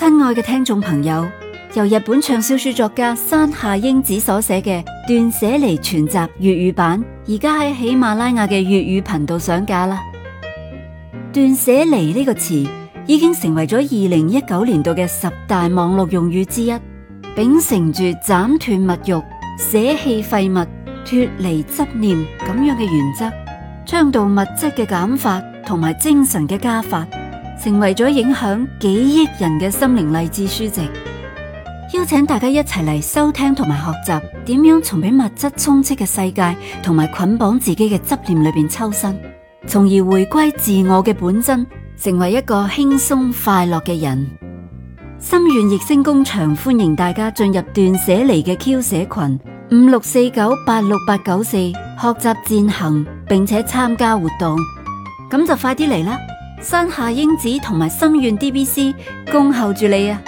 親愛嘅聽眾朋友，由日本暢銷書作家山下英子所寫嘅《斷捨離全集》粵語版，而家喺喜馬拉雅嘅粵語頻道上架啦。斷捨離呢個詞已經成為咗二零一九年度嘅十大網絡用語之一，秉承住斬斷物欲、捨棄廢物、脫離執念咁樣嘅原則，倡導物質嘅減法同埋精神嘅加法。成為咗影響幾億人嘅心靈勵志書籍，邀請大家一齊嚟收聽同埋學習，點樣從俾物質充斥嘅世界同埋捆綁自己嘅執念裏邊抽身，從而回歸自我嘅本真，成為一個輕鬆快樂嘅人。心願譯聲工場歡迎大家進入斷捨離嘅 Q 社群五六四九八六八九四，學習踐行並且參加活動，咁就快啲嚟啦！山下英子同埋心願 DBC 恭候住你啊！